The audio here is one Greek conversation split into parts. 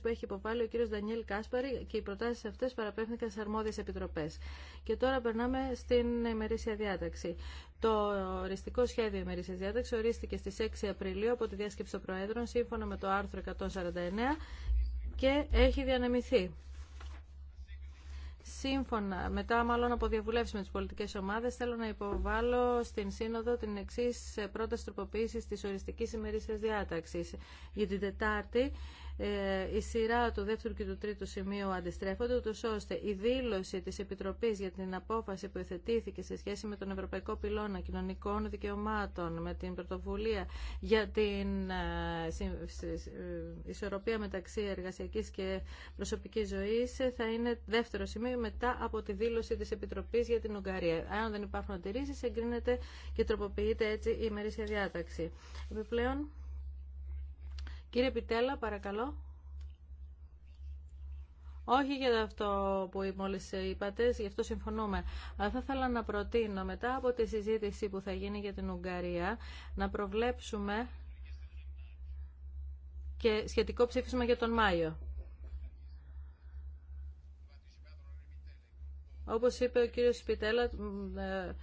που έχει υποβάλει ο κύριο Δανιέλ Κάσπαρη και οι προτάσει αυτέ παραπέμφθηκαν σε αρμόδιε επιτροπέ. Και τώρα περνάμε στην ημερήσια διάταξη. Το οριστικό σχέδιο ημερήσια διάταξη ορίστηκε στι 6 Απριλίου από τη διάσκεψη των Προέδρων σύμφωνα με το άρθρο 149 και έχει διανεμηθεί. Σύμφωνα, μετά μάλλον από διαβουλεύσει με τι πολιτικέ ομάδε, θέλω να υποβάλω στην Σύνοδο την εξή πρώτα τροποποίηση τη οριστική ημερήσια διάταξη για την Τετάρτη ε, η σειρά του δεύτερου και του τρίτου σημείου αντιστρέφονται, ούτω ώστε η δήλωση της Επιτροπής για την απόφαση που εθετήθηκε σε σχέση με τον Ευρωπαϊκό Πυλώνα Κοινωνικών Δικαιωμάτων, με την πρωτοβουλία για την ε, ε, ισορροπία μεταξύ εργασιακή και προσωπικής ζωής, θα είναι δεύτερο σημείο μετά από τη δήλωση της Επιτροπής για την Ουγγαρία. Αν δεν υπάρχουν αντιρρήσει, εγκρίνεται και τροποποιείται έτσι η ημερήσια διάταξη. Επιπλέον, Κύριε Πιτέλα, παρακαλώ. Όχι για αυτό που μόλις είπατε, γι' αυτό συμφωνούμε. Αλλά θα ήθελα να προτείνω μετά από τη συζήτηση που θα γίνει για την Ουγγαρία να προβλέψουμε και σχετικό ψήφισμα για τον Μάιο. Όπως είπε ο κύριος Σπιτέλα, ε,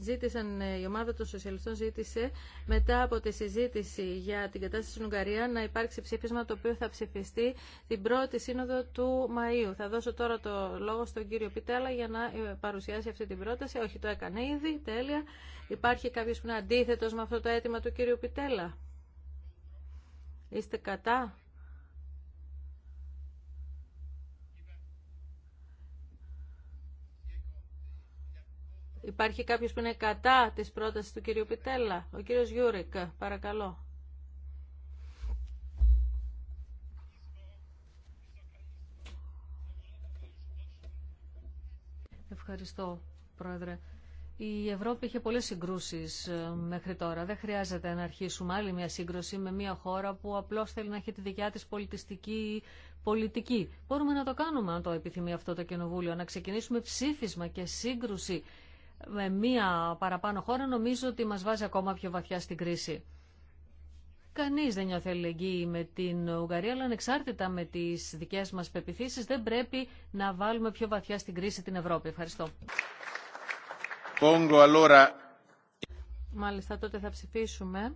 ζήτησαν, ε, η ομάδα των σοσιαλιστών ζήτησε μετά από τη συζήτηση για την κατάσταση στην Ουγγαρία να υπάρξει ψήφισμα το οποίο θα ψηφιστεί την πρώτη σύνοδο του Μαΐου. Θα δώσω τώρα το λόγο στον κύριο Πιτέλα για να ε, παρουσιάσει αυτή την πρόταση. Όχι, το έκανε ήδη, τέλεια. Υπάρχει κάποιος που είναι αντίθετος με αυτό το αίτημα του κύριου Πιτέλα. Είστε κατά. Υπάρχει κάποιος που είναι κατά της πρότασης του κυρίου Πιτέλα. Ο κύριος Γιούρικ, παρακαλώ. Ευχαριστώ, Πρόεδρε. Η Ευρώπη είχε πολλές συγκρούσεις ε, μέχρι τώρα. Δεν χρειάζεται να αρχίσουμε άλλη μια σύγκρουση με μια χώρα που απλώς θέλει να έχει τη δικιά της πολιτιστική πολιτική. Μπορούμε να το κάνουμε αν το επιθυμεί αυτό το Κοινοβούλιο, να ξεκινήσουμε ψήφισμα και σύγκρουση με μία παραπάνω χώρα νομίζω ότι μας βάζει ακόμα πιο βαθιά στην κρίση. Κανείς δεν νιώθει αλληλεγγύη με την Ουγγαρία, αλλά ανεξάρτητα με τις δικές μας πεπιθήσεις δεν πρέπει να βάλουμε πιο βαθιά στην κρίση την Ευρώπη. Ευχαριστώ. Μάλιστα τότε θα ψηφίσουμε.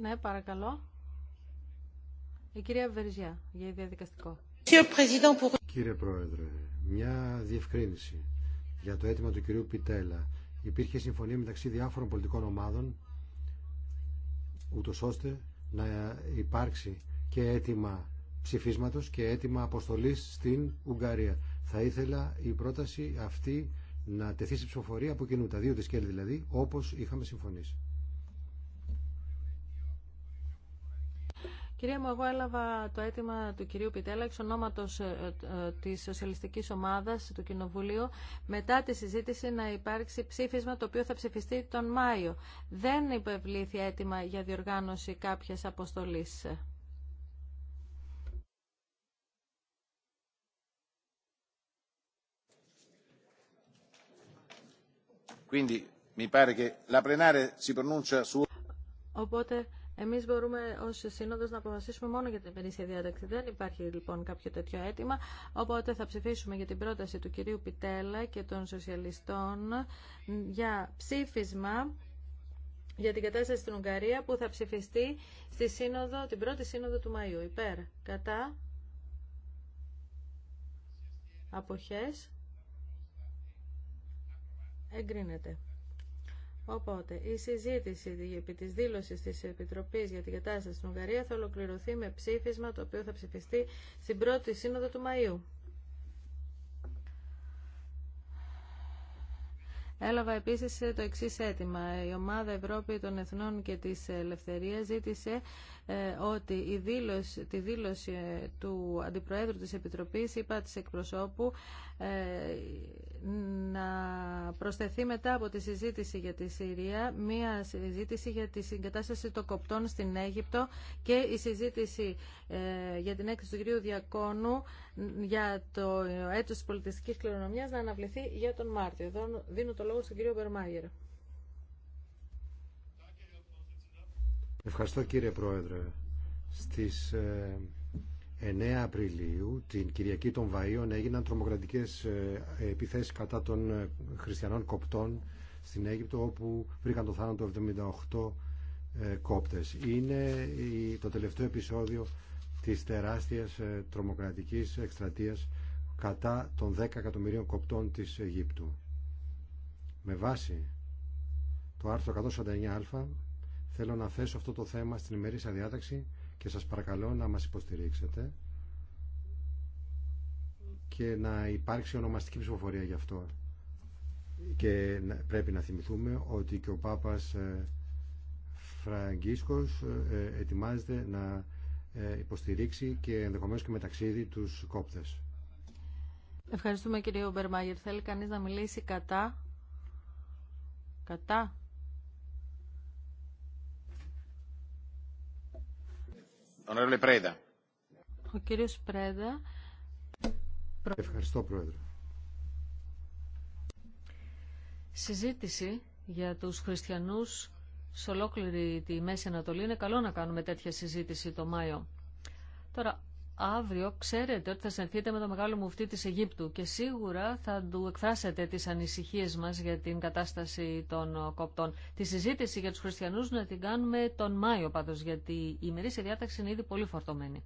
Ναι, παρακαλώ. Η κυρία Βεριζιά, για διαδικαστικό. Κύριε Πρόεδρε, μια διευκρίνηση για το αίτημα του κυρίου Πιτέλα. Υπήρχε συμφωνία μεταξύ διάφορων πολιτικών ομάδων ούτω ώστε να υπάρξει και αίτημα ψηφίσματος και αίτημα αποστολής στην Ουγγαρία. Θα ήθελα η πρόταση αυτή να τεθεί σε ψηφοφορία από κοινού, τα δύο τη δηλαδή, όπως είχαμε συμφωνήσει. Κυρία μου, εγώ έλαβα το αίτημα του κυρίου Πιτέλα εξ ονόματος ε, ε, ε, της Σοσιαλιστική Ομάδας του Κοινοβουλίου μετά τη συζήτηση να υπάρξει ψήφισμα το οποίο θα ψηφιστεί τον Μάιο. Δεν υπευλήθη αίτημα για διοργάνωση κάποια αποστολή. Quindi mi pare che la si pronuncia su Οπότε εμείς μπορούμε ω Σύνοδος να αποφασίσουμε μόνο για την ημερήσια διάταξη. Δεν υπάρχει λοιπόν κάποιο τέτοιο αίτημα, οπότε θα ψηφίσουμε για την πρόταση του κυρίου Πιτέλα και των σοσιαλιστών για ψήφισμα για την κατάσταση στην Ουγγαρία που θα ψηφιστεί στη σύνοδο, την πρώτη σύνοδο του Μαΐου. Υπέρ, κατά, αποχές, εγκρίνεται. Οπότε, η συζήτηση επί της δήλωσης της Επιτροπής για την κατάσταση στην Ουγγαρία θα ολοκληρωθεί με ψήφισμα το οποίο θα ψηφιστεί στην πρώτη σύνοδο του Μαΐου. Έλαβα επίσης το εξής αίτημα. Η Ομάδα Ευρώπη των Εθνών και της Ελευθερίας ζήτησε ε, ότι η δήλωση, τη δήλωση ε, του Αντιπροέδρου της Επιτροπής είπα της εκπροσώπου ε, να προσθεθεί μετά από τη συζήτηση για τη Συρία μία συζήτηση για τη συγκατάσταση των κοπτών στην Αίγυπτο και η συζήτηση για την έκθεση του κυρίου Διακόνου για το έτος της πολιτιστικής κληρονομιάς να αναβληθεί για τον Μάρτιο. Εδώ δίνω το λόγο στον κύριο Μπερμάγερ. Ευχαριστώ κύριε Πρόεδρε. Στις 9 ε, Απριλίου, την Κυριακή των Βαΐων, έγιναν τρομοκρατικές ε, επιθέσεις κατά των ε, χριστιανών κοπτών στην Αίγυπτο, όπου βρήκαν το θάνατο 78 κόπτες. Είναι το τελευταίο επεισόδιο της τεράστιας τρομοκρατικής εκστρατείας κατά των 10 εκατομμυρίων κοπτών της Αιγύπτου. Με βάση το άρθρο 149α Θέλω να θέσω αυτό το θέμα στην ημερήσια διάταξη και σας παρακαλώ να μας υποστηρίξετε και να υπάρξει ονομαστική ψηφοφορία γι' αυτό. Και πρέπει να θυμηθούμε ότι και ο Πάπας ε, Φραγκίσκος ε, ε, ετοιμάζεται να υποστηρίξει και ενδεχομένως και μεταξύδι τους κόπτες. Ευχαριστούμε κύριε Ομπερμάγερ. Θέλει κανείς να μιλήσει κατά. Κατά. Ο κύριος Πρέδα. Ευχαριστώ, Πρόεδρε. Συζήτηση για τους χριστιανούς σε ολόκληρη τη Μέση Ανατολή. Είναι καλό να κάνουμε τέτοια συζήτηση το Μάιο. Τώρα, αύριο ξέρετε ότι θα συνεχθείτε με το μεγάλο μουφτή της Αιγύπτου και σίγουρα θα του εκφράσετε τις ανησυχίες μας για την κατάσταση των κοπτών. Τη συζήτηση για τους χριστιανούς να την κάνουμε τον Μάιο πάντως, γιατί η σε διάταξη είναι ήδη πολύ φορτωμένη.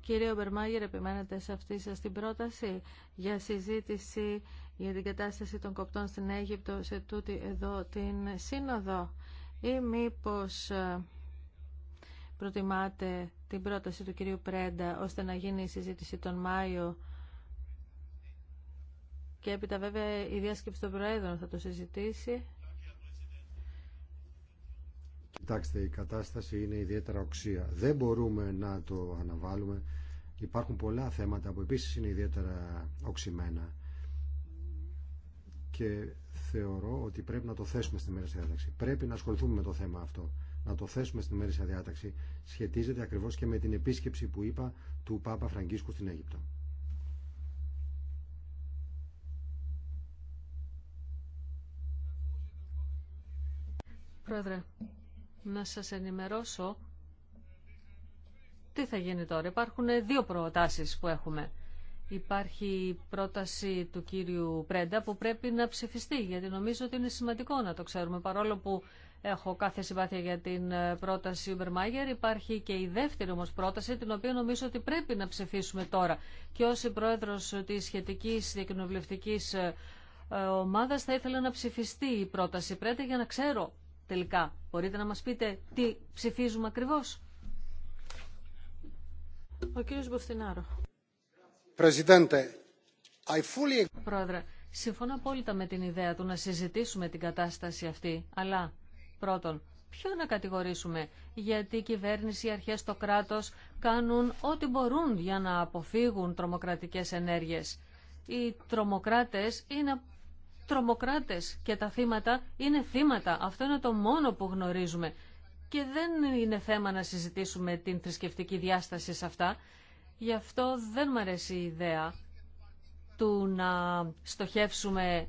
Κύριε Ομπερμάγερ, επιμένετε σε αυτή σας την πρόταση για συζήτηση για την κατάσταση των κοπτών στην Αίγυπτο σε τούτη εδώ την σύνοδο ή μήπως ε, προτιμάτε την πρόταση του κυρίου Πρέντα ώστε να γίνει η συζήτηση τον Μάιο και έπειτα βέβαια η διάσκεψη των Προέδρων θα το συζητήσει. Κοιτάξτε, η κατάσταση είναι ιδιαίτερα οξία. Δεν μπορούμε να το αναβάλουμε. Υπάρχουν πολλά θέματα που επίσης είναι ιδιαίτερα οξυμένα και θεωρώ ότι πρέπει να το θέσουμε στη μέρη διάταξη. Πρέπει να ασχοληθούμε με το θέμα αυτό. Να το θέσουμε στη μέρη διάταξη. Σχετίζεται ακριβώ και με την επίσκεψη που είπα του Πάπα Φραγκίσκου στην Αίγυπτο. Πρόεδρε, να σας ενημερώσω τι θα γίνει τώρα. Υπάρχουν δύο προτάσεις που έχουμε. Υπάρχει πρόταση του κύριου Πρέντα που πρέπει να ψηφιστεί, γιατί νομίζω ότι είναι σημαντικό να το ξέρουμε. Παρόλο που έχω κάθε συμπάθεια για την ε, πρόταση Μπερμάγερ, υπάρχει και η δεύτερη όμως πρόταση, την οποία νομίζω ότι πρέπει να ψηφίσουμε τώρα. Και ως η πρόεδρος της σχετικής διακοινοβουλευτικής ε, ε, ομάδας θα ήθελα να ψηφιστεί η πρόταση Πρέντα για να ξέρω τελικά. Μπορείτε να μας πείτε τι ψηφίζουμε ακριβώς. Ο κύριος Μποστινάρο. Πρόεδρε, συμφωνώ απόλυτα με την ιδέα του να συζητήσουμε την κατάσταση αυτή, αλλά πρώτον, ποιο να κατηγορήσουμε, γιατί η κυβέρνηση, οι αρχές, το κράτος κάνουν ό,τι μπορούν για να αποφύγουν τρομοκρατικές ενέργειες. Οι τρομοκράτες είναι τρομοκράτες και τα θύματα είναι θύματα. Αυτό είναι το μόνο που γνωρίζουμε. Και δεν είναι θέμα να συζητήσουμε την θρησκευτική διάσταση σε αυτά. Γι' αυτό δεν μου αρέσει η ιδέα του να στοχεύσουμε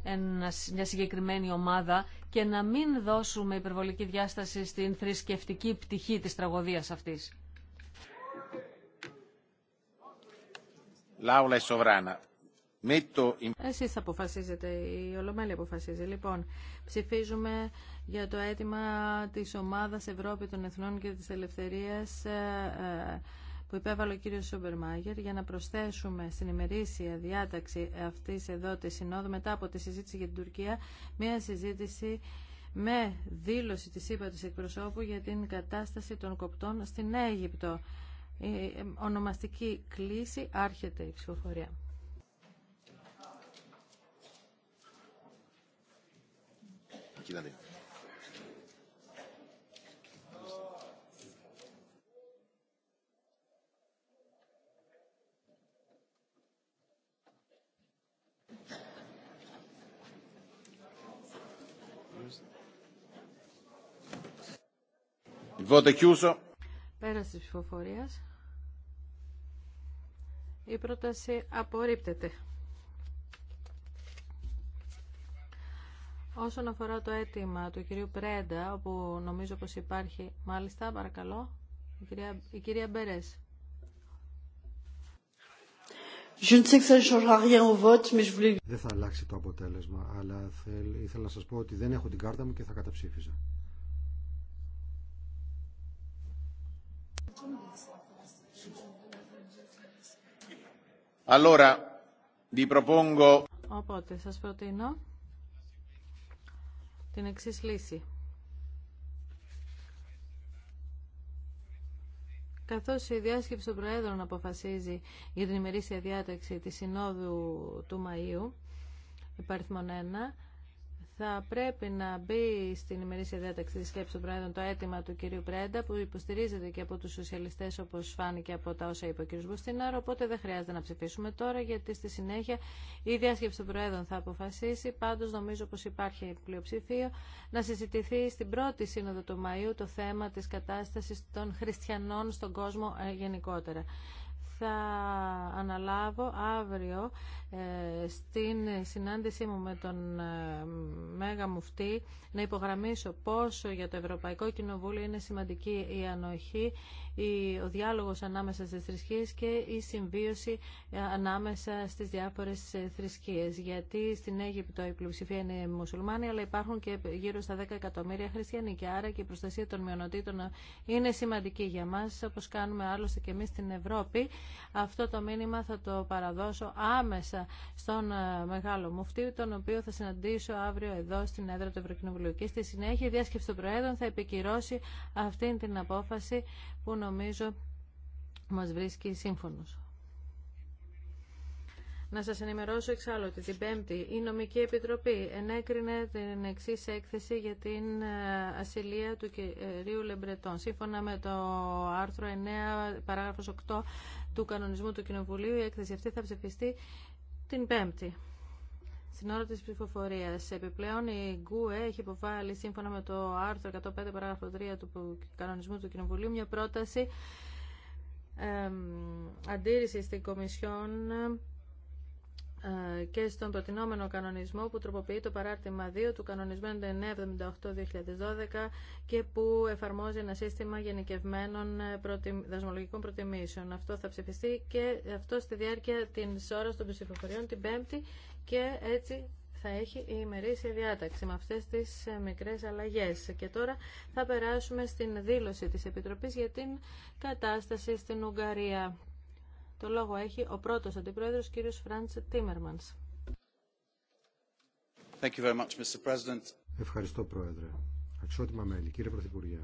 μια συγκεκριμένη ομάδα και να μην δώσουμε υπερβολική διάσταση στην θρησκευτική πτυχή της τραγωδίας αυτής. Λάουλα Σοβράνα. Το... Εσείς αποφασίζετε, η Ολομέλη αποφασίζει. Λοιπόν, ψηφίζουμε για το αίτημα της Ομάδας Ευρώπη των Εθνών και της Ελευθερίας ε, ε, που υπέβαλε ο κύριος Σόμπερ για να προσθέσουμε στην ημερήσια διάταξη αυτή εδώ τη Συνόδου μετά από τη συζήτηση για την Τουρκία μια συζήτηση με δήλωση της ΥΠΑ της εκπροσώπου για την κατάσταση των κοπτών στην Αίγυπτο. Η ε, ονομαστική κλίση άρχεται η ψηφοφορία. Πέρασε τη ψηφοφορία. Η πρόταση απορρίπτεται. Όσον αφορά το αίτημα του κυρίου Πρέντα, όπου νομίζω πως υπάρχει, μάλιστα, παρακαλώ, η κυρία, η κυρία Μπερές. Δεν θα αλλάξει το αποτέλεσμα, αλλά θέλ, ήθελα να σας πω ότι δεν έχω την κάρτα μου και θα καταψήφιζα. Allora, vi propongo... Οπότε, σας προτείνω την εξής λύση. Καθώς η διάσκεψη των Προέδρων αποφασίζει για την ημερήσια διάταξη της Συνόδου του Μαΐου, υπαριθμόν 1, θα πρέπει να μπει στην ημερήσια διάταξη της σκέψης των Πρόεδρων το αίτημα του κυρίου Πρέντα που υποστηρίζεται και από τους σοσιαλιστές όπως φάνηκε από τα όσα είπε ο κύριος Μπουστινάρο οπότε δεν χρειάζεται να ψηφίσουμε τώρα γιατί στη συνέχεια η διάσκεψη των Προέδρων θα αποφασίσει πάντως νομίζω πως υπάρχει πλειοψηφίο, να συζητηθεί στην πρώτη σύνοδο του Μαΐου το θέμα της κατάστασης των χριστιανών στον κόσμο ε, γενικότερα θα αναλάβω αύριο ε, στην συνάντησή μου με τον ε, Μέγα Μουφτή να υπογραμμίσω πόσο για το Ευρωπαϊκό Κοινοβούλιο είναι σημαντική η ανοχή, ο διάλογος ανάμεσα στις θρησκείες και η συμβίωση ε, ανάμεσα στις διάφορες θρησκείες. Γιατί στην Αίγυπτο η πλειοψηφία είναι μουσουλμάνοι, αλλά υπάρχουν και γύρω στα 10 εκατομμύρια χριστιανοί και άρα και η προστασία των μειονοτήτων είναι σημαντική για μας, όπως κάνουμε άλλωστε και εμείς στην Ευρώπη αυτό το μήνυμα θα το παραδώσω άμεσα στον ε, μεγάλο μουφτή, τον οποίο θα συναντήσω αύριο εδώ στην έδρα του Ευρωκοινοβουλίου. Και στη συνέχεια η διάσκεψη των Προέδρων θα επικυρώσει αυτή την απόφαση που νομίζω μας βρίσκει σύμφωνος. Να σας ενημερώσω εξάλλου ότι την Πέμπτη η Νομική Επιτροπή ενέκρινε την εξή έκθεση για την ε, ασυλία του κυρίου Λεμπρετών. Σύμφωνα με το άρθρο 9 παράγραφος 8 του κανονισμού του Κοινοβουλίου η έκθεση αυτή θα ψηφιστεί την Πέμπτη. Στην ώρα της ψηφοφορίας, επιπλέον η ΓΚΟΕ έχει υποβάλει σύμφωνα με το άρθρο 105 παράγραφο 3 του κανονισμού του Κοινοβουλίου μια πρόταση ε, αντίρρηση στην Κομισιόν ε, και στον προτινόμενο κανονισμό που τροποποιεί το παράρτημα 2 του κανονισμού 978-2012 και που εφαρμόζει ένα σύστημα γενικευμένων ε, δασμολογικών προτιμήσεων. Αυτό θα ψηφιστεί και αυτό στη διάρκεια τη ώρας των ψηφοφοριών την Πέμπτη και έτσι θα έχει η ημερήσια διάταξη με αυτές τις ε, μικρές αλλαγές. Και τώρα θα περάσουμε στην δήλωση της Επιτροπής για την κατάσταση στην Ουγγαρία. Το λόγο έχει ο πρώτος αντιπρόεδρος, κύριος Φραντς Τίμερμανς. Ευχαριστώ, Πρόεδρε. Αξιότιμα μέλη, κύριε Πρωθυπουργέ.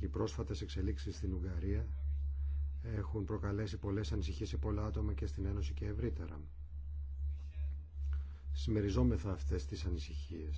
Οι πρόσφατες εξελίξεις στην Ουγγαρία έχουν προκαλέσει πολλές ανησυχίες σε πολλά άτομα και στην Ένωση και ευρύτερα. Συμμεριζόμεθα αυτές τις ανησυχίες.